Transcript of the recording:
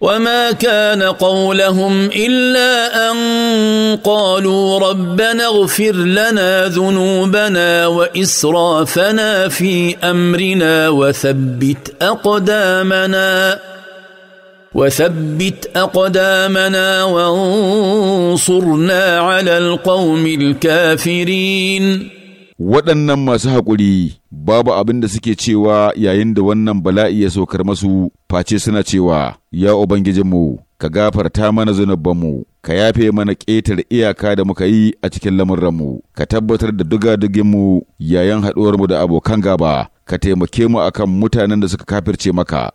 وما كان قولهم الا ان قالوا ربنا اغفر لنا ذنوبنا واسرافنا في امرنا وثبت اقدامنا وثبت اقدامنا وانصرنا على القوم الكافرين waɗannan masu haƙuri babu abin da suke cewa yayin da wannan bala'i ya saukar masu face suna cewa ya ubangijinmu ka gafarta mana zunubanmu ka yafe mana ƙetar iyaka da muka yi a cikin lamurranmu, ka tabbatar da duga-duginmu yayin haɗuwarmu da abokan gaba ka taimake mu akan mutanen da suka kafirce maka